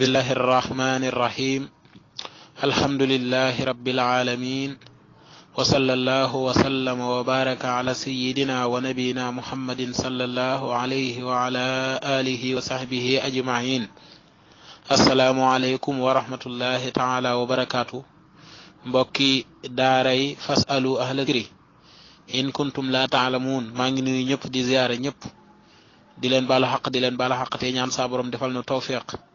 بسم الله الرحمن الرحيم الحمد لله رب العالمين وصلى الله وسلم وبارك على سيدنا ونبينا محمد صلى الله عليه وعلى آله وصحبه أجمعين السلام عليكم ورحمة الله تعالى وبركاته بكي داري فاسألوا أهل كري إن كنتم لا تعلمون مانجنو نيب دي زيارة نيب دي لن بالحق دي لن بالحق تي نيان صابرم دفلنو توفيق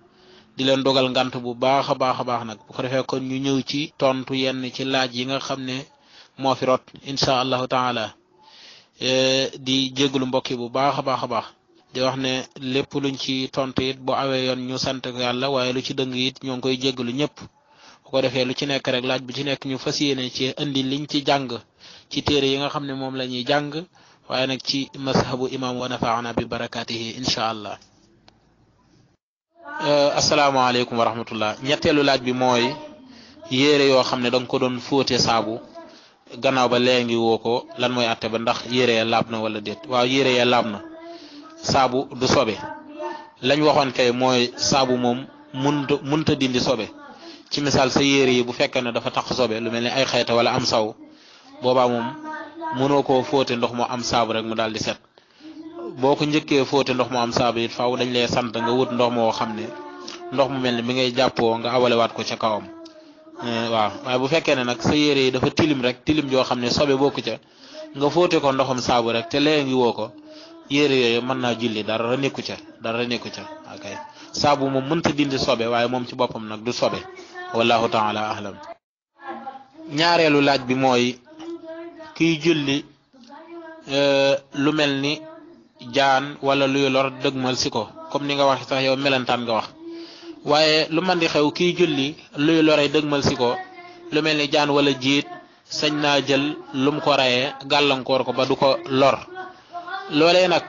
di leen dogal ngant bu baax a baax a baax nag bu ko defee kon ñu ñëw ci tontu yenn ci laaj yi nga xam ne moo fi rot incha allahu taala e, di jégalu mbokk yi bu baax a baax a baax di wax ne lépp luñ ci tontu it bu awee yoon ñu sant yàlla waaye lu ci dëng it ñoo ngi koy jégalu ñëpp bu defee lu ci nekk rek laaj bu ci nekk ñu fas yéene ci indi liñ ci jàng ci téere yi nga xam ne moom la ñuy jàng waaye nag ci mazhabu imam wa nafaana bi barakaatihi incha allah Euh, asalaamaaleykum wa rahmatullah ñetteelu laaj bi mooy yére yoo xam ne danga ko doon fóote saabu gannaaw ba léegi woo ko lan mooy atte ba ndax yére ya laab na wala déet waaw yére ya laab na saabu du sobe lañ waxoon kay mooy saabu moom munta munta dindi sobe ci misaal sa yére yi bu fekkee ne dafa tax sobe lu mel ne ay xeeta wala am saw boobaa moom mënoo ko fóote ndox moo am saabu rek mu daal di set boo ko njëkkee fóote ndox mu saabu it faaw dañ lay sant nga wut ndox moo xam ne ndox mu mel ne bi ngay jàppoo nga awalewaat ko ca kawam eh, waaw waaye bu fekkee ne nag sa yére yi dafa tilim rek tilim joo xam ne sobe bokku ca nga foote ko ndoxam saabu rek te lee ngi woo ko yére yooyu mën naa julli dara nekku ca dara nekku ca akay saabu moom mënta dindi sobe waaye moom ci boppam nag du sobe wallahu taala ahlam ñaareelu laaj bi mooy kiy julli eh, lu mel ni jaan wala luy lor dëgmal si ko comme ni nga wax sax yow melentaan nga wax waaye lu man di xew kiy julli luy lore dëgmal si ko lu mel ni jaan wala jiit sañ naa jël lum ko rayee gàllankoor ko ba du ko lor loole nag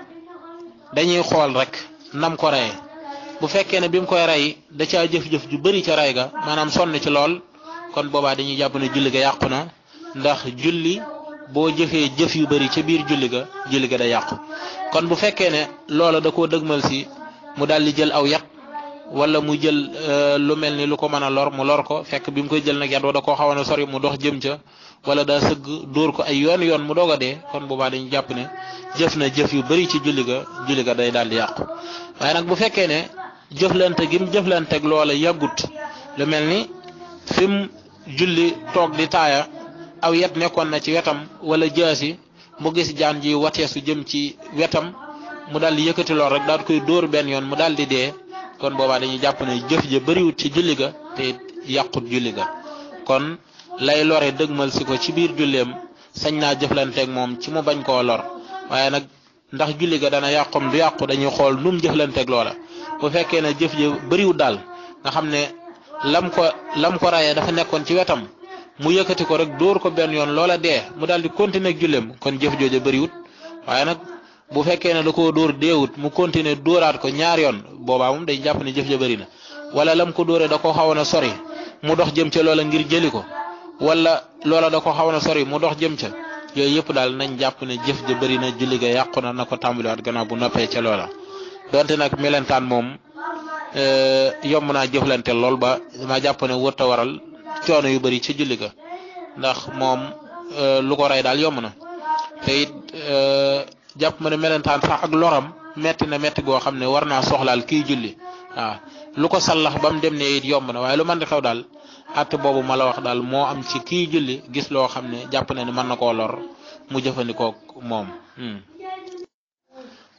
dañuy xool rek nam ko rayee bu fekkee ne bi mu koy rey da caa jëf-jëf ju bari ca rey ga maanaam sonn ci lool kon boobaa dañuy jàpp ne julli ga yàqu na ndax julli boo jëfee jëf yu bari ci biir julli ga julli ga da yàqu kon bu fekkee ne loola da koo dëgmal si mu daal di jël aw yat wala mu jël euh, lu mel ni lu ko mën a lor mu lor ko fekk bi mu koy jël nag yat da koo xaw na sori mu dox jëm ca wala da sëgg dóor ko ay yoon yoon mu doog a dee kon boobaa dañu jàpp ne jëf na jëf yu bari ci julli ga julli ga day daal di yàqu waaye nag bu fekkee ne jëflante gi mu jëflanteeg loola yàggut lu mel ni fi julli toog di taaya. aw yet nekkoon na ci wetam wala jaasi mu gis jaan ji wateesu jëm ci wetam mu daal di yëkkati lool rek daal koy dóor benn yoon mu daal di dee kon boobaa dañuy jàpp ne jëf ja bëriwut ci julli ga te yàqut kon lay lore dëgmal si ko ci biir julleem sañ naa jëflanteeg moom ci mu bañ koo lor waaye nag ndax julli ga dana yàqum du yàqu dañuy xool nu jëflanteeg loola bu fekkee ne jëf ja bëriwut daal nga xam ne lam ko lam ko dafa nekkoon ci wetam mu yëkëti ko rek door ko ben yoon loola dee mu daal di continuer ak jullem kon jëf bari wut waaye nag bu fekkee ne da koo dóor deewut mu continuer dooraat ko ñaar yoon boobaa moom day jàpp ne jëf ja bari na wala lam ko dóoree da ko xawoon a sori mu dox jëm ca loola ngir jëli ko wala loola da ko xawoon a sori mu dox jëm ca yooyu yëpp daal nañ jàpp ne jëf bari na julli ga yàqu na na ko tàmbaliwaat gannaaw bu noppee ca loola donte nag melentaan moom eh, yomb naa jëflante lool ba dama jàpp ne wërta coono yu bari ci julli ka ndax moom euh, lu ko rey daal yomb na te it euh, jàpp ma ne melentaan sax ak loram metti na metti goo xam ne war naa soxlaal kiy julli waaw lu ko sallax ba mu dem ne it yomb na waaye lu mën di xew daal att boobu ma la wax daal moo am ci kiy julli gis loo xam ne jàpp na ne mën na koo lor mu jëfandikoo moom hmm.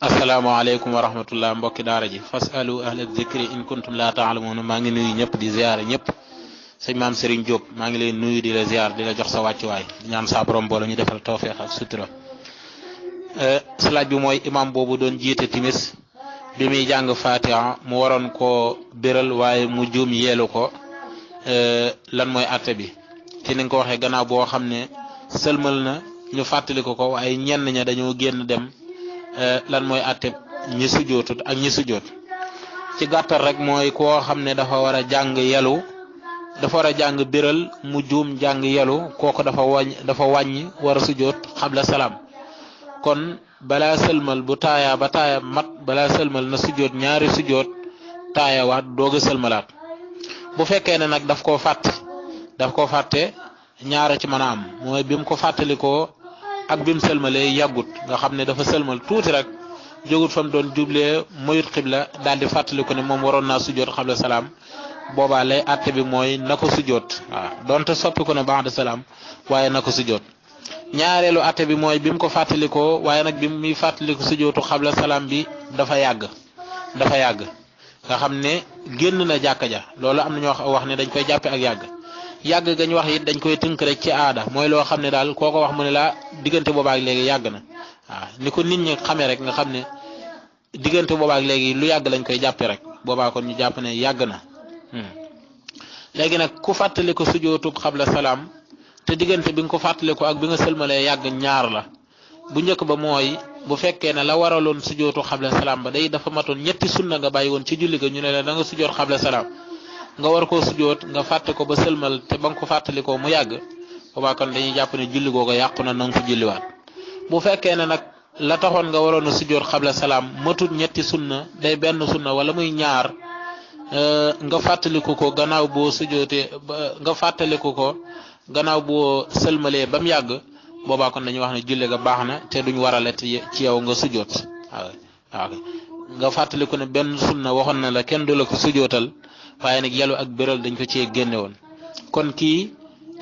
asalaamaaleykum wa rahmatullah mbokki daara ji fasalu ahla dikri in kuntum laa taalamuuna maa ngi nuyu ñëpp di ziyaare ñëpp sëñ maam Serigne Diop maa ngi lay nuyu di la ziar di la jox sa wàccuwaay di ñaan saa borom boole ñu defal tawféex ak sutura euh, sa laaj bi mooy imam boobu doon jiite timis bi muy jàng Fatiha mu waroon koo biral waaye mu juum yeelu ko euh, lan mooy àtte bi ci ni ko waxee gannaaw boo xam ne sëlmal na ñu fàttali ko ko waaye ñenn ña dañoo génn dem euh, lan mooy àtte ñi sujjootut ak ñi sujjoot ci gàttal rek mooy koo xam ne dafa war a jàng yelu dafa war a jàng biral mu juum jàng yelu kooku dafa wàññ dafa wàññi war a sujjóot xabla salaam kon balaa sëlmal bu taaya ba taaya mat balaa sëlmal na sujjóot ñaari sujjóot taayawaat doog a sëlmalaat bu fekkee ne nag daf koo fàtte daf koo fàtte ñaara ci mën a am mooy bi mu ko fàttalikoo ak bi mu sëlmalee yàggut nga xam ne dafa sëlmal tuuti rek jógut fa mu doon jublee moyut xibla daal di fàttaliku ne moom waroon naa sujjóot xabla salaam boobaa lay bi mooy nakk ko sujjoot waaw donte soppi ko ne ba'da salaam waaye na ko sujjoot ñaareelu ate bi mooy bi mu ko fàttalikoo waaye nag bi muy fàttaliku sujjootu xabla salaam bi dafa yàgg dafa yàgg nga xam ne génn na jàkka ja loolu am na ñoo wax ne dañ koy jàppe ak yàgg yàgg gañ wax it dañ koy tënk rek ci aada mooy loo xam ne daal koo ko wax mu ne laa diggante boobaak léegi yàgg na waaw ni ko nit ñi xamee rek nga xam ne diggante boobaak léegi lu yàgg lañ koy jàppe rek boobaa kon ñu jàpp yàgg na Hmm. léegi nag ku fàttali ko sujootu xabla salaam te diggante bi nga ko fàttali ko ak bi nga sëlmalee yàgg ñaar la bu njëkk ba mooy bu fekkee ne la waraloon sujootu xabla salaam ba day dafa matoon ñetti sunna nga bàyyi woon ci julli ga ñu ne la da nga sujoot xabla salaam nga war koo sujoot nga fàtte ko ba sëlmal te ba nga ko fàttalikoo mu yàgg boobaa kon dañuy jàpp ne julli googu yàqu na na nga ko julliwaat bu fekkee ne nga waroon a sujoot xabla salaam matut ñetti sunna day benn sunna wala muy ñaar. Eh, nga fàttaliku ko gannaaw boo sujootee nga fàttaliku ko gannaaw bo sëlmalee ba mu yàgg boobaa kon wax ne julle ga baax na te duñ warale ci yow nga sujoot nga fàttaliku ne benn sunna waxoon na la kenn du la ko sujootal waaye nag yalu ak béral dañ ko ci génne woon kon kii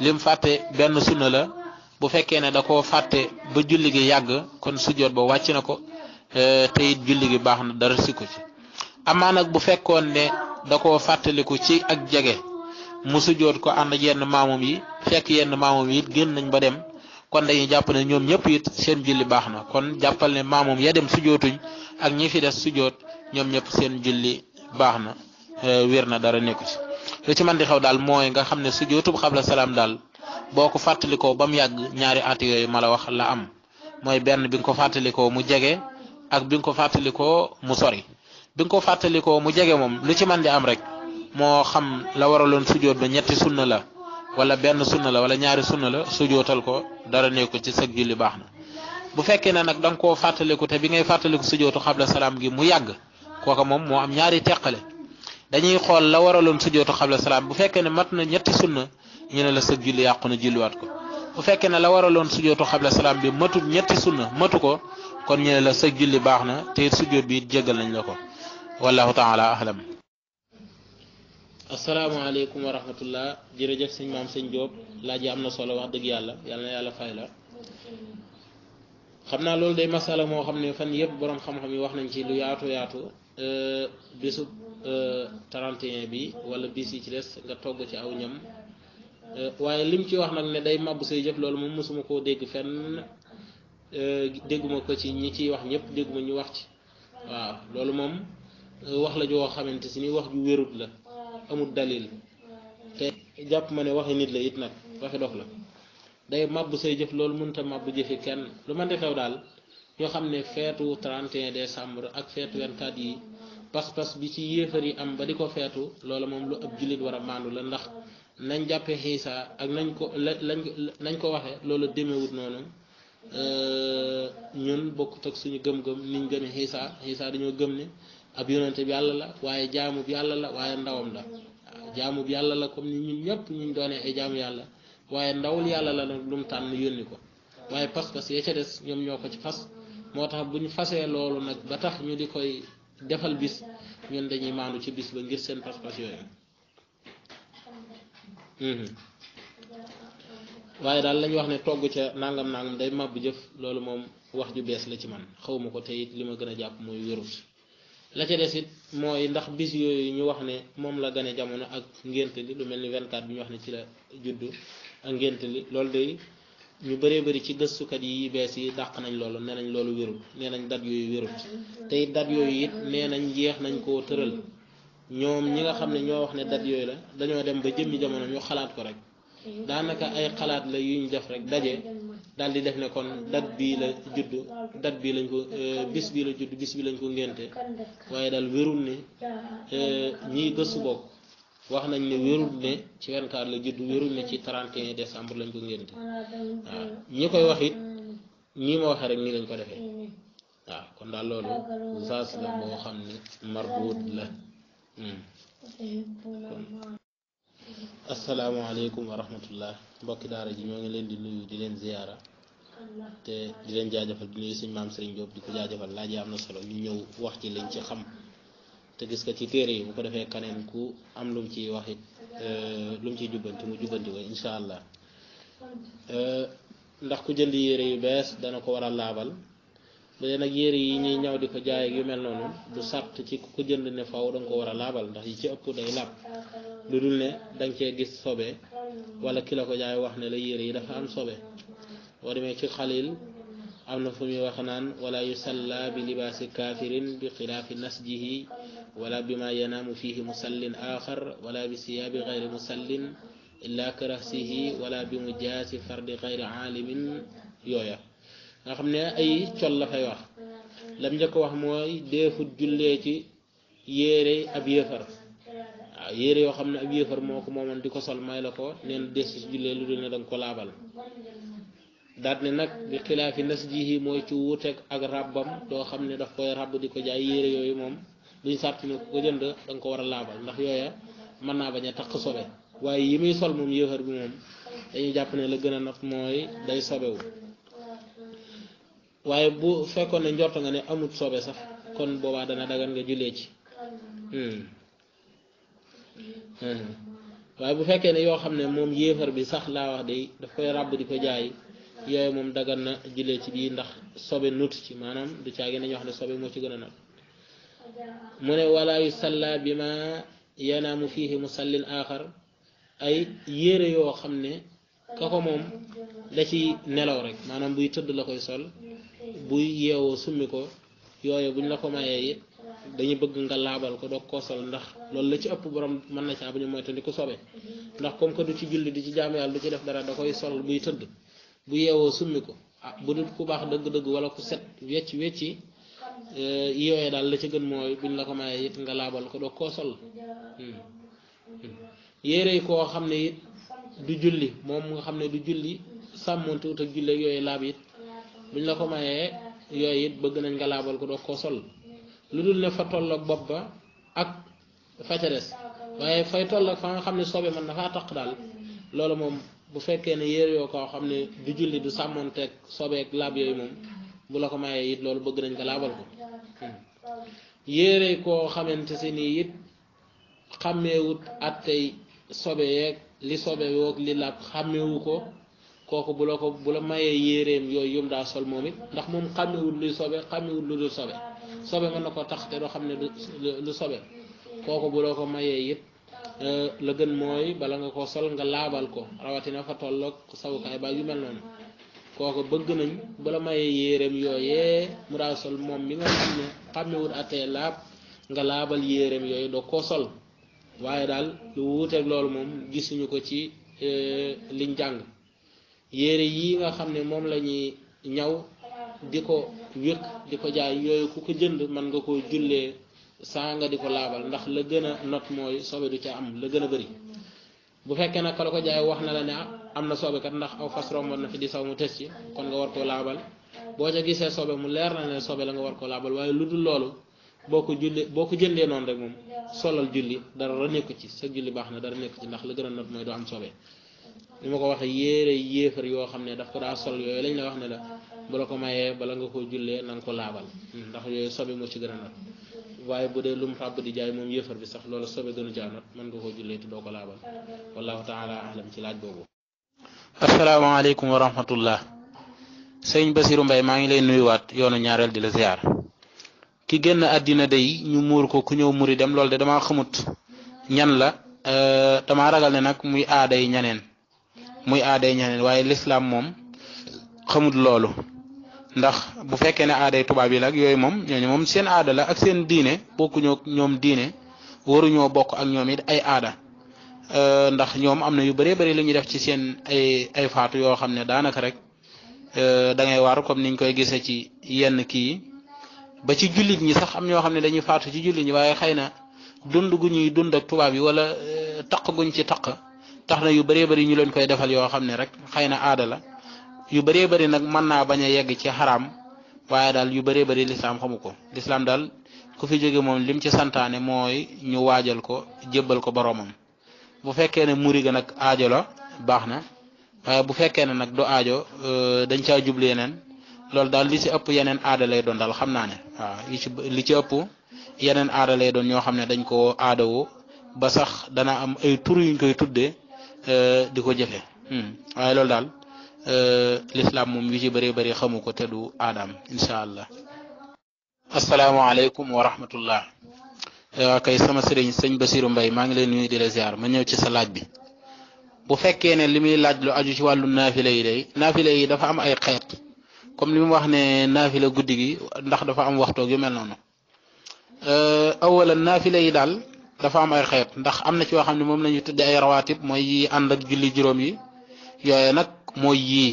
lim fàtte benn sunna la bu fekkee ne da koo fàtte ba julli gi yàgg kon sujoot ba wàcc na ko eh, te it julli gi baax na dara si ko ci. amaa nag bu fekkoon ne da koo fàttaliku ci ak jege mu sujjoot ko ànd yenn maamum yi fekk yenn maamum yi it génn nañ ba dem kon dañuy jàpp ne ñoom ñëpp it seen julli baax na kon jàppal ne maamum ya dem sujjootuñ ak ñi fi des sujjoot ñoom ñëpp seen julli baax na euh, wér na dara nekku ci lu ci mën di xew daal mooy nga xam ne sujjootub xabla salaam daal boo ko fàttalikoo ba mu yàgg ñaari at yooyu ma la wax la am mooy benn bi nga ko fàttalikoo mu jege ak bi nga ko fàttalikoo mu sori bi nga ko fàttalikoo mu jege moom lu ci man di am rek moo xam la waraloon sujjóot ba ñetti sunna la wala benn sunna la wala ñaari sunna la sujjóotal ko dara nekku ci sag julli baax na bu fekkee ne nag da koo fàttaliku te bi ngay fàttaliku sujjóotu xabla salaam gi mu yàgg kooka moom moo am ñaari teqale dañuy xool la waraloon sujjóotu xabla salaam bu fekkee ne mat na ñetti sunna ñu ne la sag yàqu na julliwaat ko bu fekkee ne la waraloon sujjóotu xabla salaam bi matul ñetti sunna matu ko kon ñu ne la sag julli baax na te sujjóot bi jéggal nañ la ko wallahu taala jërëjëf sëñ sëñ Diop laaj yi am na solo wax dëgg yàlla yàlla na yàlla fay xam naa loolu day masala moo xam ne fan yëpp boroom xam yi wax nañ ci lu yaatu yaatu euh, bisu 31 euh, bi wala bis yi ci des nga togg ci aw ñam euh, waaye lim ci wax nag ne day màbb say jëf loolu moom mosuma koo dégg fenn dégguma ko ci ñi ciy wax ñëpp dégguma ñu wax ci waaw loolu moom wax la joo xamante si ni wax ju wérut la amul dalil te jàpp ma ne waxi nit la it nag waxi dox la day màbb say jëf loolu mënut a màbb jëfi kenn lu man di xew daal ñoo xam ne feetu 31 décembre ak feetu 24 yi pas-pas bi ci yéefar yi am ba di ko feetu loolu moom lu ab jullit war a maandu la ndax nañ jàppee xiisa ak nañ ko lañ nañ ko waxee loolu demewut noonu euh, ñun bokkut ak suñu gëm-gëm niñ gëmee xiisa xiisa dañoo gëm ne ab yonente bi yàlla la waaye jaamu yàlla la waaye ndawam la jaamu yàlla la comme ni ñun ñëpp ñu doonee ay jaamu yàlla waaye ndawul yàlla la nag lu mu tànn yónni ko waaye pas-pas ya ca des ñoom ñoo ko moo tax bu ñu fasee loolu nag ba tax ñu di koy defal bis ñun dañuy maandu ci bis ba ngir seen pas yooyu mhm. waaye daal lañu wax ne togg ca nangam nangam day màbb jëf loolu moom wax ju bees la ci man xawuma ko te li ma gën a jàpp mooy wérut la ca des it mooy ndax bis yooyu ñu wax ne moom la gane jamono ak ngént li lu mel ni 24 bi ñu wax ne ci la juddu ak ngénte li loolu day ñu bëree bëri ci gëstukat yi bees yi dàq nañ loolu ne nañ loolu wérul nee nañ dat yooyu wérul tey it dat yooyu it nee nañ jeex nañ koo tëral ñoom ñi nga xam ne ñoo wax ne dat yooyu la dañoo dem ba jëmmi jamono ñu xalaat ko rek daanaka ay xalaat la yu ñu def rek daje dal di def ne kon dat bii la judd dat bii lañ ko euh, bis bii la judd bis bii lañ ko ngénte waaye dal wérul ne euh, ñii gëstu bokk wax nañ ne wérul ne ci 24 la judd wérul ne ci 31 décembre lañ ko ngénte waaw ñi koy wax it ñii ma waxee rek nii lañ ko defee waaw kon daal loolu saas la boo xam ne marbuut la hmm. asalaamaaleykum wa rahmatullah mbokki daara ji ñoo ngi leen di nuyu di leen ziara te di leen jaajëfal di nuyu suñ maam sëriñ diob di ko jaajëfal laaji am na solo ñu ñëw wax ci liñ ci xam te gis ka ci téere yi bu ko defee kaneen ku am lu mu ciy waxit euh, lu mu ciy jubbanti mu jubbanti ko incha allah euh, ndax ku jënd yére yu bees dana ko war a laabal bu dee nag yére yi ñuy ñaw di ko jaay yu mel noonu du sàtt ci ku jënd ne faw da nga ko war a laabal ndax yi ci ëpp day laab lu dul ne da nga cee gis sobee wala ki la ko jaay wax ne la yére yi dafa am sobe boo demee ci xalil am na fu muy wax naan wala yusalla bi libaasi kaafirin bi xilaafi nasjihi wala bi ma yanaamu fihi musallin axar wala bi siyaabi gayri musallin illa karasihi wala bi mu jaasi fardi gayri aalimin yooya nga xam ne ay col la fay wax lam njëkk wax mooy deefut jullee ci yére ab yéefar yére yoo xam ne ak yéefar moo ko moomoon di ko sol may la ko nee na des si jullee lu dul ne danga ko laabal daat ne nag bi xilaafi nas jihi mooy ci wuuteeg ak ràbbam doo xam ne daf koy ràbb di ko jaay yére yooyu moom duñ sàrt ne ku ko jënd danga ko war a laabal ndax yooya mën naa bañ a taq sobe waaye yi muy sol moom yéefar bi moom dañuy jàpp ne la gën a naf mooy day sobewu waaye bu fekkoon ne njort nga ne amut sobe sax kon boobaa dana dagan nga jullee ci hmm. Hmm. waaye bu fekkee ne yoo xam ne moom yéefar bi sax laa wax day daf koy ràbb di ko jaay yooyu moom dagan na jëlee ci bii ndax sobe nut ci maanaam du caagi nañu wax ne sobe moo ci gën a nag mu ne wala yu bi ma yanaamu fiihi musallin aaxar ay yére yoo xam ne ka ko moom da ci nelaw rek maanaam buy tëdd la koy sol buy yeewoo summi ko yooyu buñ la ko mayee dañuy bëgg nga laabal ko doog koo sol ndax loolu la ci ëpp borom mën na caa bu ñu moytandi ku sobe ndax comme que du ci julli du ci jaamu yàlla du ci def dara da koy sol buy tëdd bu yeewoo summi ko ah bu dul ku baax dëgg-dëgg wala ku set wecc wecci eh, yooyee daal la ci gën mooy buñ la ko mayee it nga laabal ko doog koo sol hmm. Hmm. koo xam ne it du julli moom nga xam ne du julli sàmmonte wut ak julli ak yooyu laab it buñ la ko yooyu it bëgg nañ nga laabal ko doog koo sol lu dul ne fa tolloog bopp ba ak fa ca des waaye fay tolloog fa nga xam ne sobe man na faa taq daal loolu moom bu fekkee ne yére yoo koo xam ne du julli du sàmmonteeg sobeeg laab yooyu moom bu ko mayee loolu bëgg nañ ko laabal ko yére koo xamante si nii it xàmmeewut attey sobe yeeg li sobe woog li laab xàmmeewu ko kooku bu la ko bu la mayee yéreem yooyu yum daa sol moom it ndax moom xàmmewut luy sobe xàmmewut lu dul sobe sobe mën na koo tax te doo xam ne lu lu sobe kooku bu doo ko mayee it euh, la gën mooy bala nga ko sol nga laabal ko rawatina fa tolloog sawukaay ba yu mel noonu kooku bëgg nañ bala mayee yéeréem yooyee mu daa sol moom mi nga xam ne xàmmewul attee laab nga laabal yéeréem yooyu doo koo sol waaye daal lu wuuteeg loolu moom gisuñu ko ci euh, liñ jàng yére yi nga xam ne moom la ñuy ñaw di ko wékk di ko jaay yooyu ku ko jënd mën nga koo jullee saa nga di ko laabal ndax la gën a not mooy sobe du ca am la gën a bëri bu fekkee nag kala ko jaay wax na la ne ah, am na sobe kat ndax aw fas romboon na di saw mu tës ci kon nga war koo laabal boo ca gisee sobe mu leer na ne sobe la nga war koo laabal waaye lu dul loolu boo ko boo ko jëndee noonu rek moom solal julli dara la nekku ci sa julli baax na dara nekku ci ndax la gën a not mooy du am sobe li ma ko waxee yéere yéefar yoo xam ne daf ko daa sol yooyu lañ la wax ne la bu la ko mayee bala nga koo jullee na ko laabal mm-hmm. ndax yooyu sobe moo ci gën nag waaye bu dee lum ràbb di jaay moom yéefar bi sax loolu sobe gënu jaanat man nga ko jullee te doo ko laabal wallahu taala ahlam ci laaj boobu asalaamaaleykum wa rahmatullah sëñ Basiru Mbay maa ngi lay nuyuwaat yoonu ñaareel di la ziar ki génn àddina day ñu muur ko ku ñëw muri dem loolu de dama xamut ñan la euh, dama ragal ne nag muy aaday ñaneen muy aaday ñaneen waaye lislaam moom xamut loolu ndax bu fekkee ne aaday tubaab yi la yooyu moom ñooñu moom seen aadala ak seen diine bokkuñoo ñoom diine waruñoo bokk ak ñoom it ay aada euh, ndax ñoom am na yu bëree bëri lu def ci seen ay ay faatu yoo xam ne daanaka rek euh, da ngay waar comme niñ koy gisee ci yenn kii ba ci jullit ñi sax am ñoo xam ne dañuy faatu ci jullit ñi waaye xëy na dund gu ñuy dund ak tubaab yi wala euh, taq guñ ci taq tax yu bëree bëri ñu leen koy defal yoo xam ne rek xëy na aada la. yu bëree bëri nag mën naa bañ a yegg ci xaraam waaye daal yu bëree bëri lislaam xamu ko lislaam daal ku fi jóge moom lim ci santaane mooy ñu waajal ko jébbal ko boroomam bu fekkee ne muri nag aajo la baax na waaye bu fekkee ne nag du aajo euh, dañ caa jublu yeneen loolu daal li ci ëpp yeneen aada lay doon daal xam naa ne waaw li ci li ci ëpp yeneen aada lay doon ñoo xam ne dañ koo aadawu ba sax dana am ay tur yuñ koy tuddee euh, di ko jëfe hmm, waaye loolu daal Euh, lislaam moom wi ci bëree bëri xamu ko te du aadaam incha allah. asalaamaaleykum wa rahmatullah. Euh, waa kay sama sëriñ sëñ Basiru Mbay maa ngi leen nuy di la ma ñëw ci sa laaj bi. bu fekkee ne li muy laaj lu aju ci wàllu naafila yi day naafila yi dafa am ay xeet comme li mu wax ne naafila guddi gi ndax dafa am waxtoog yu mel noonu. Euh, awala naafila yi daal dafa am ay xeet ndax am na ci yoo xam ne moom la ñu tuddee mooy yi ànd ak julli juróom yi yooye nag. mooy yii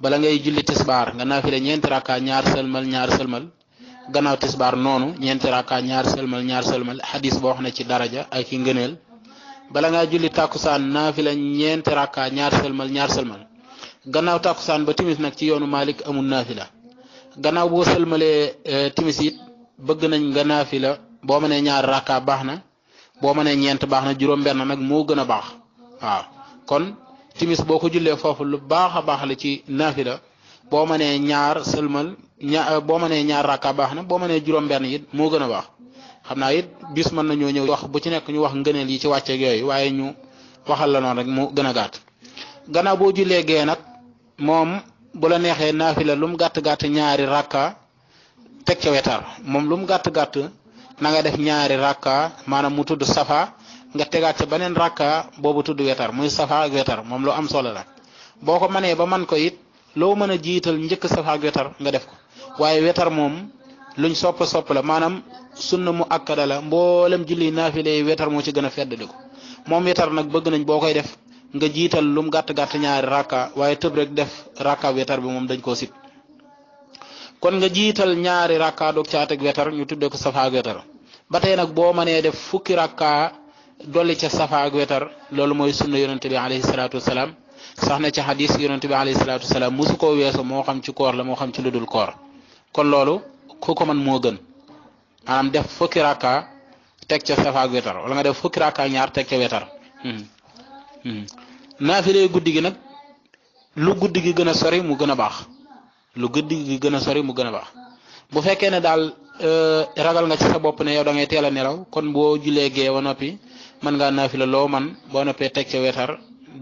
bala ngay julli tisbar nga naafila ñent rakka ñaar selmal ñaar selmal gannaaw tisbar nonu ñent rakka ñaar selmal ñaar selmal hadith bo xone ci daraja ay ki ngeenel bala nga julli tàkkusaan naafila ñent rakka ñaar selmal ñaar selmal gannaaw takusan ba timis nak ci yoonu Malik amul nafila gannaaw bo sëlmalee timisit it bëgg nañ nga nafila bo mënee ñaar rakka baxna bo boo ñent baxna juroom ben nak mo gëna bax waaw kon timis boo ko jullee foofu lu baax a baax la ci naafila boo mënee ñaar sëlmal ña euh, boo mënee ñaar rakka baax na boo mënee juróom-benn it moo gën a baax xam naa it bis mën nañoo ñëw wax bu ci nekk ñu wax ngëneel yi ci wàcceeg yooyu waaye ñu waxal la noonu rek mu gën a gàtt. gannaaw boo jullee gee nag moom bu la neexee naafila lu mu gàtt gàtt ñaari rakka teg ca wetar moom lu mu gàtt gàtt na nga def ñaari rakka maanaam mu tudd safa. nga tegaat ca beneen rakka boobu tudd wetar muy safa ak wetar moom lu am solo la boo ko manee ba man ko it loo mën a jiital njëkk safa ak wetar nga def ko waaye wetar moom luñ sopp sopp la maanaam sunna mu akkada la mboolem fi naafile wetar moo ci gën a feddali ko moom wetar nag bëgg nañ boo koy def nga jiital lum gàtt gàtt ñaari rakka waaye tëb rek def rakka wetar bi moom dañ koo sib kon nga jiital ñaari rakka doog caa wetar ñu tuddee ko safa wetar ba tey nag boo mënee def dolli ca safa ak wetar loolu mooy sunna yonente bi alayhi salaatu salaam sax na ca xadis yonente bi alayhi salaatu wasalaam musu koo weesu moo xam ci koor la moo xam ci lu koor kon loolu ku ko man moo gën maanaam def fukki rakka teg ca safa ak wetar wala nga def fukki rakka ñaar teg ca wetar hmm. Hmm. naafile guddi gi nag lu guddi gi gën a sori mu gën a baax lu guddi gi gën a sori mu gën a baax bu fekkee ne daal euh, ragal nga ci sa bopp ne yow da ngay teel a nelaw kon boo julee gee ba noppi man nga nafila lo man bo noppé tek ci wétar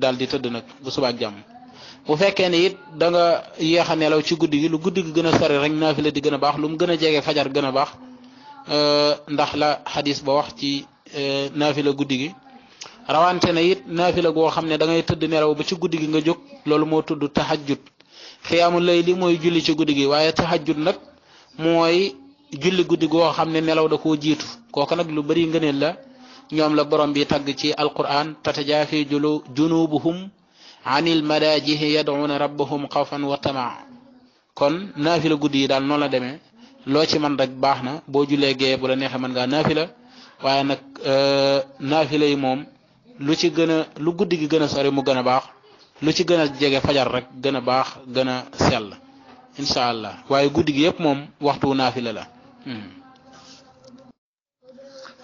dal di tëdd nak bu suba jam bu fekké ni it da nga yéex a nelaw ci guddigi lu guddigi gëna sori rek nafila di gëna bax lu mu gëna fajar gëna bax euh ndax la hadith ba wax ci euh, nafila guddigi rawante na it nafila go xamné da ngay tëdd nelaw ba ci guddigi nga jog lolu mo tudd tahajjud khiyamul layli moy julli ci guddigi waye tahajjud nak moy julli guddigi go xamné nelaw da ko jitu kooka nak lu bari ngeenel la ñoom la borom bi tagg ci alquran tatajaafi julu junubuhum anil madajihi yad'una rabbahum xawfan wa tamaa kon naafila guddi yi daal noonu la demee loo ci man rek baax na boo julee gee bu neexe neexee mën ngaa naafila waaye nag euh, naafila yi moom lu ci gën a lu guddi gi gën a sori mu gën a baax lu ci gën a jege fajar rek gën a baax gën a sell incha allah waaye guddi gi yëpp moom waxtu naafila la. Hmm.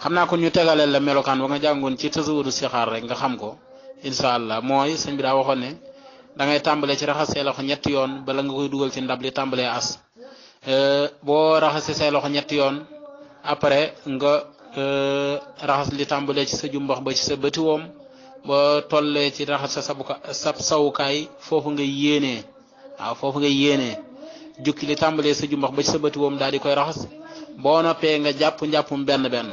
xam naa kon ñu tegaleel la melokaan ba nga jàngoon ci tasawuru sixaar rek nga xam ko incha allah mooy sëñ bi daa waxoon ne da ngay ci raxas say loxo ñetti yoon bala nga koy dugal ci ndab li tàmbalee as euh, boo raxasee say loxo ñetti yoon après nga euh, raxas li tàmbalee ci sa jumbax ba ci sa bëti woom ba tollee ci raxas sa sabuka sa sawukaay foofu nga yéenee waaw foofu nga yéenee jukki li tàmbalee sa jumbax ba ci sa bëti woom daal di koy raxas boo noppee nga jàpp njàppum benn benn.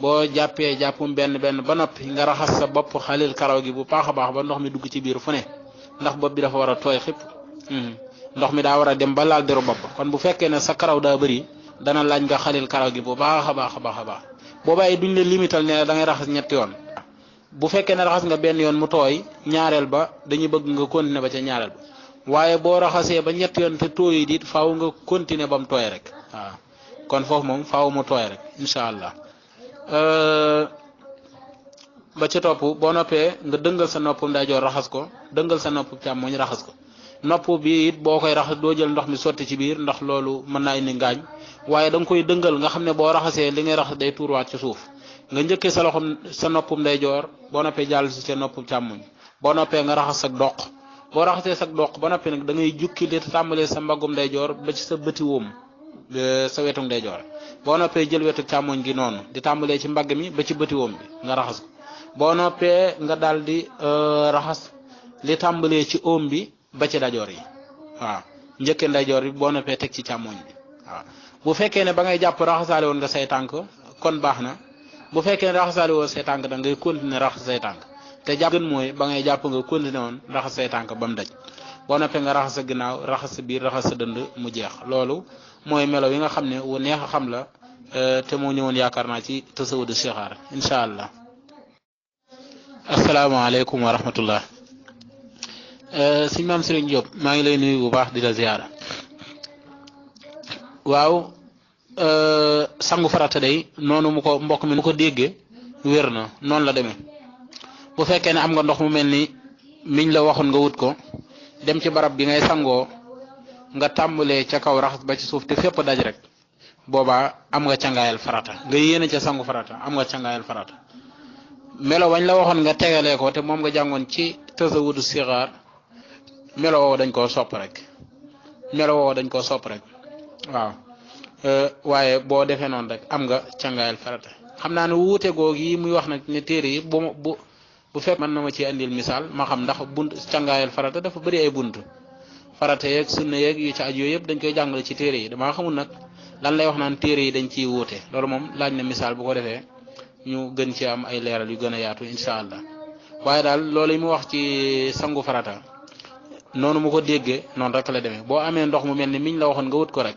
boo jàppee jàppum benn benn ba noppi nga raxas sa bopp xaleel karaw gi bu baax a baax ba ndox mi dugg ci biir fu ne ndax bopp bi dafa war a tooy xëpp mhm. ndox mi daa war a dem ba laal deru bopp kon bu fekkee ne sa karaw daa bëri dana laaj nga xaleel karaw gi bu baax a baax a baax a baax boobaa duñ la limital ne da ngay raxas ñetti yoon bu fekkee ne raxas nga benn yoon mu tooy ñaareel ba dañuy bëgg nga continuer ba ca ñaareel ba waaye boo raxasee ba ñetti yoon te tooyit it faaw nga continuer ba mu tooy rek waaw kon foofu moom faaw mu tooy rek incha allah. ba ci topp boo noppee nga dëngal sa nopp ndeyjoor raxas ko dëngal sa nopp càmmoñ raxas ko nopp bi it boo koy raxas doo jël ndox mi sotti ci biir ndax loolu mën naa indi ngaañ waaye da nga koy dëngal nga xam ne boo raxasee li ngay raxas day tuurwaat ci suuf nga njëkkee sa loxo sa noppum ndeyjoor boo noppee jàll si sa noppum càmmoñ boo noppee nga raxas ak doq boo raxasee sa doq ba noppi nag da ngay jukki li tàmbalee sa mbaggum ndeyjoor ba ci sa bëti wóom eh, sa wetum ndeyjoor boo noppee jël wetu càmmoñ gi noonu di tàmbalee ci mbagg mi ba ci bëti woom bi nga raxas ko boo noppee nga daal di euh, raxas li tàmbalee ci oom bi ba ci dajoor yi waaw njëkkee dajoor bi boo noppee teg ci càmmoñ bi waaw bu fekkee ne ba ngay jàpp raxasaale woon nga say tànk kon baax na bu fekkee ne raxasaale woon say tànk da ngay continuer raxas say tànk te jàpp mooy ba ngay jàpp nga continuer woon raxas say ba mu daj boo noppee nga sa ginnaaw raxas sa biir raxas sa dënd mu jeex loolu mooy melo nga xam ne wu neex a xam la Euh, te moo ñëwoon yaakaar naa ci te tasawudu sixaar incha allah. asalaamaaleykum wa rahmatullah. Euh, sëñ maam Serigne Diop maa ngi lay nuyu bu baax di la ziyaara. waaw euh, sangu farata day noonu mu ko mbokk mi nu ko déggee wér na noonu la demee bu fekkee ne am nga ndox mu mel ni miñ la waxoon nga wut ko dem ci barab bi ngay sangoo nga tàmbalee ca kaw raxas ba ci suuf te fépp daj rek. boobaa am nga cangaayal farata nga yéene ca sangu farata am nga cangaayal farata melo wañ la waxoon nga tegalee ko te moom nga jàngoon ci tasawudu sixaar melo dañ koo sopp rek melo dañ koo sopp rek waaw euh, waaye boo defee noonu rek am nga cangaayal farata xam naa ne wuute googu yi muy wax na ne téere yi bu bu bu fekk mën na ma ci andil missal ma xam ndax bunt cangaayal farata dafa bëri ay bunt farata yeeg sunna yeeg yu ci aj yooyu dañ koy jàngale ci téere yi damaa xamul nag lan lay wax naan téere yi dañ ciy wuute loolu moom laaj na missal bu ko defee ñu gën ci am ay leeral yu gën a yaatu incha allah waaye daal loolu yi mu wax ci sangu farata noonu mu ko déggee noonu rek la demee boo amee ndox mu mel ni miñ la waxoon nga wut ko rek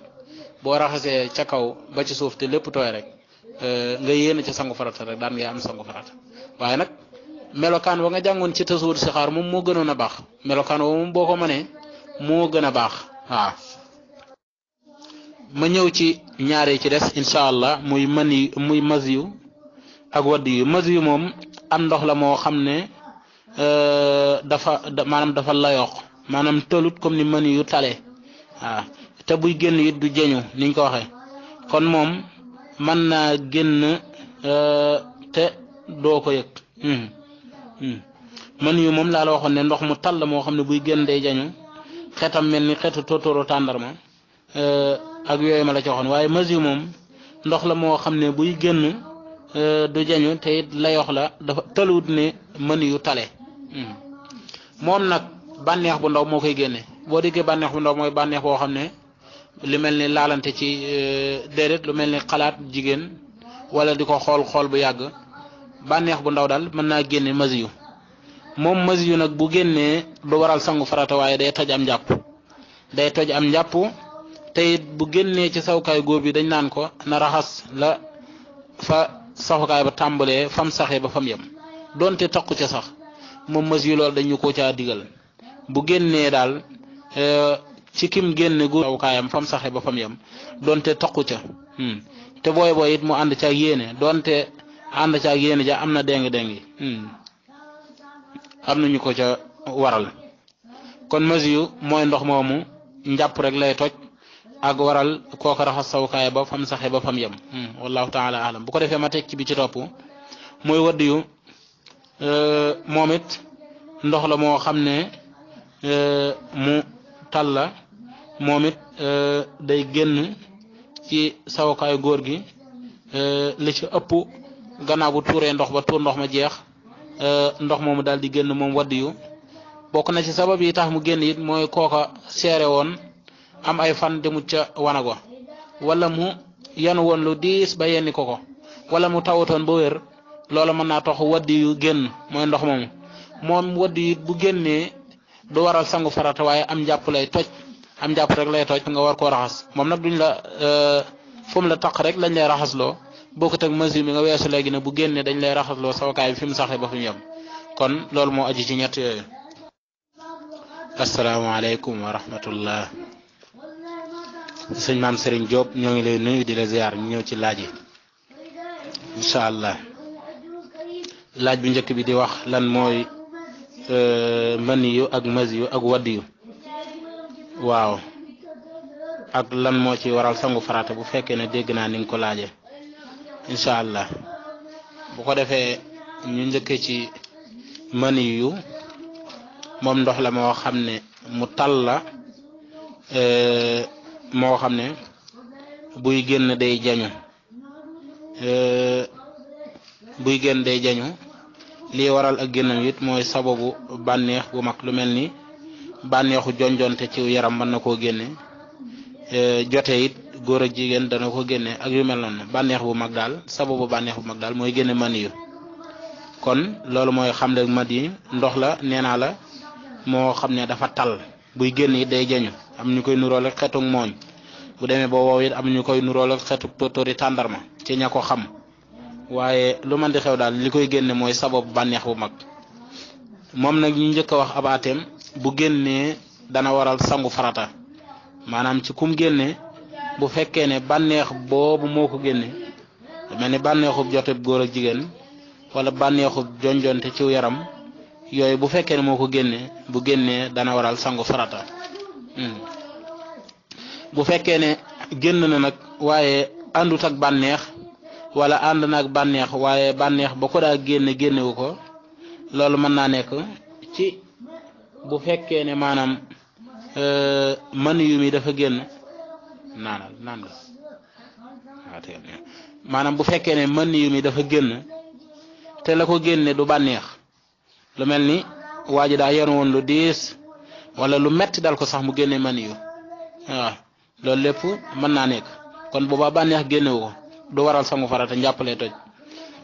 boo raxasee ca kaw ba ci suuf te lépp tooy rek euh, nga yéene ci sangu farata rek daan ngay am sangu farata waaye nag melokaan wa nga jàngoon ci tasuur si xaar moom moo gënoon a baax melokaan wa moom boo ko mënee moo gën a baax waaw ma ñëw ci ñaari ci des incha allah muy man yi muy mas yu ak wadd yu yu moom am ndox la moo xam ne euh, dafa maanaam dafa layoq maanaam tëlut comme ni mën yu tale waaw te buy génn it du jëñu niñ ko waxee kon moom mën naa génn euh, te doo ko yëg hmm. Hmm. mën yu moom laa waxoon ne ndox mu tal la moo xam ne buy génn de jañu xetam mel ni xetu tóotóoro tàndarma euh, ak yooyu ma la ci waxoon waaye masi moom ndox la moo xam ne buy génn euh, du jañu te it layox la dafa tëluwut ne mën yu tale hmm. moom nag bànneex bu ndaw moo koy génne boo déggee bànneex bu ndaw mooy bànneex boo xam ne li mel ni laalante ci euh, déedéet lu mel ni xalaat jigéen wala di ko xool xool bu yàgg bànneex bu ndaw daal mën naa génne masi yu moom masi yu nag bu génnee du waral sangu farata waaye day toj am njàpp day toj am njàpp te bu génnee ci sawukaay góob bi dañ naan ko na raxas la fa safukaay ba tàmbalee fam saxee ba fam yem donte takku ca sax moom mës yi loolu dañu ko caa digal bu génnee daal euh, ci kim génne góob sawukaayam fam saxee ba fam yem donte takku ca hmm. te booy booy it mu ànd caag yéene donte ànd caag yéene ja am na déng-déng hmm. am nañu ko ca waral kon mës yu mooy ndox moomu njàpp rek lay toj. ak waral kooka raxas sawukaay ba fam saxe ba fam yem hmm, wallahu taala alam bu ko defee ma teg ci bi ci topp mooy wadd yu euh, it ndox la moo xam ne euh, mu la moom euh, day génn ci sawukaayu góor gi li ci ëpp gannaaw bu tuuree ndox ba tuur ndox ma jeex ndox moomu daal di génn moom wadd yu bokk na ci sabab yi tax mu génn it mooy kooka seere woon am ay fan demut ca wanago wala mu yanu woon lu diis ba yenni ko ko wala mu tawatoon ba wér loola mën naa tax waddi yu génn mooy ndox moomu moom waddi bu génnee du waral sangu farata waaye am jàpp lay toj am jàpp rek lay toj nga war koo raxas moom nag duñ la euh, fu mu la taq rek lañ lay raxasloo bokkut ak mesure bi nga weesu léegi ne bu génnee dañ lay raxasloo sawakaay bi fi mu saxee ba fi mu kon loolu moo aji ci ñett yooyu asalaamaaleykum wa rahmatullah sëñ maam Serigne Diop ñoo ngi lay nuyu di la ziar ñu ñëw ci laaj yi incha allah laaj bu njëkk bi di wax lan mooy euh, mani ak mas ak wadd waaw ak lan moo ci waral sangu farata bu fekkee ne dégg naa ni nga ko laaje incha allah bu ko defee ñu njëkkee ci mani yu moom ndox la moo xam ne mu tal la euh, moo xam ne buy génn day jañu buy génn day jañu lii waral ak génnam it mooy sababu bànneex bu mag lu mel ni bànneexu jonjonte ci yaram mën na koo génne jote it góor ak jigéen dana ko génne ak yu mel na noonu bànneex bu mag daal sababu bànneex bu mag daal mooy génne man yu kon loolu mooy xam rek mat ndox la nee naa la moo xam ne dafa tal buy génn day jañu am ñu koy nuróol ak xetuk mooñ bu demee boo wow it am ñu koy nuróol ak xetuk tóotóori tàndarma ci ña ko xam waaye lu man di xew daal li koy génne mooy sabab bànneex bu mag moom nag ñu njëkk a wax abaateem bu génnee dana waral sangu farata maanaam ci kum génne bu fekkee ne bànneex boobu moo ko génne mel ni bànneexub joteb góor a jigéen wala bànneexub jonjonte ciw yaram yooyu bu fekkee ne moo ko génnee bu génnee dana waral sangu farata hmm. bu fekkee ne génn na nag waaye àndut ak bànneex wala ànd na ak bànneex waaye bànneex ba ko daa génne génnewu ko loolu mën naa nekk ci bu fekkee ne maanaam euh, man yu mi dafa génn naanal naan bu fekkee ne man yu mi dafa génn te la ko génne du bànneex lu mel ni waa ji daa yenu woon lu diis wala lu metti dal ko sax mu génne maniyu waaw loolu lépp mën naa nekk kon boobaa bànneex génnewu ko du waral sangu farata njàppalee toj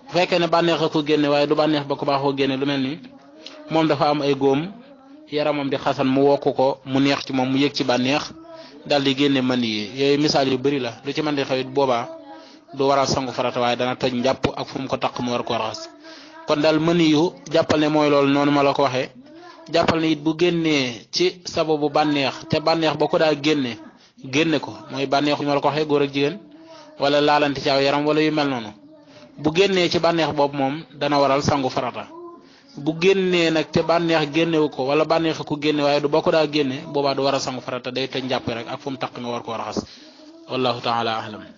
bu fekkee ne bànneex a ko génne waaye du bànneex ba ko baaxoo génne lu mel ni moom dafa am ay góom yaramam di xasan mu wokk ko mu neex ci moom mu yëg ci bànneex dal di génne mani yi yooyu misaal yu bari la lu ci mën di xewit boobaa du waral sangu farata waaye dana toj njàpp ak fu mu ko taq mu war ko raxas kon daal maniyu jàppal ne mooy loolu noonu ma la ko waxee jàppal ne it bu génnee ci sababu bànneex te bànneex ba ko daa génne génne ko mooy bànneex ñu ma la ko waxee góor ak jigéen wala laalante ci aw yaram wala yu mel noonu bu génnee ci bànneex boobu moom dana waral sangu farata bu génnee nag te bànneex génnewu ko wala bànneex ku génne waaye du ba ko daa génne boobaa du war a sangu farata day tëj njàpp rek ak fu mu taq mi war koo raxas wallahu taala ahlam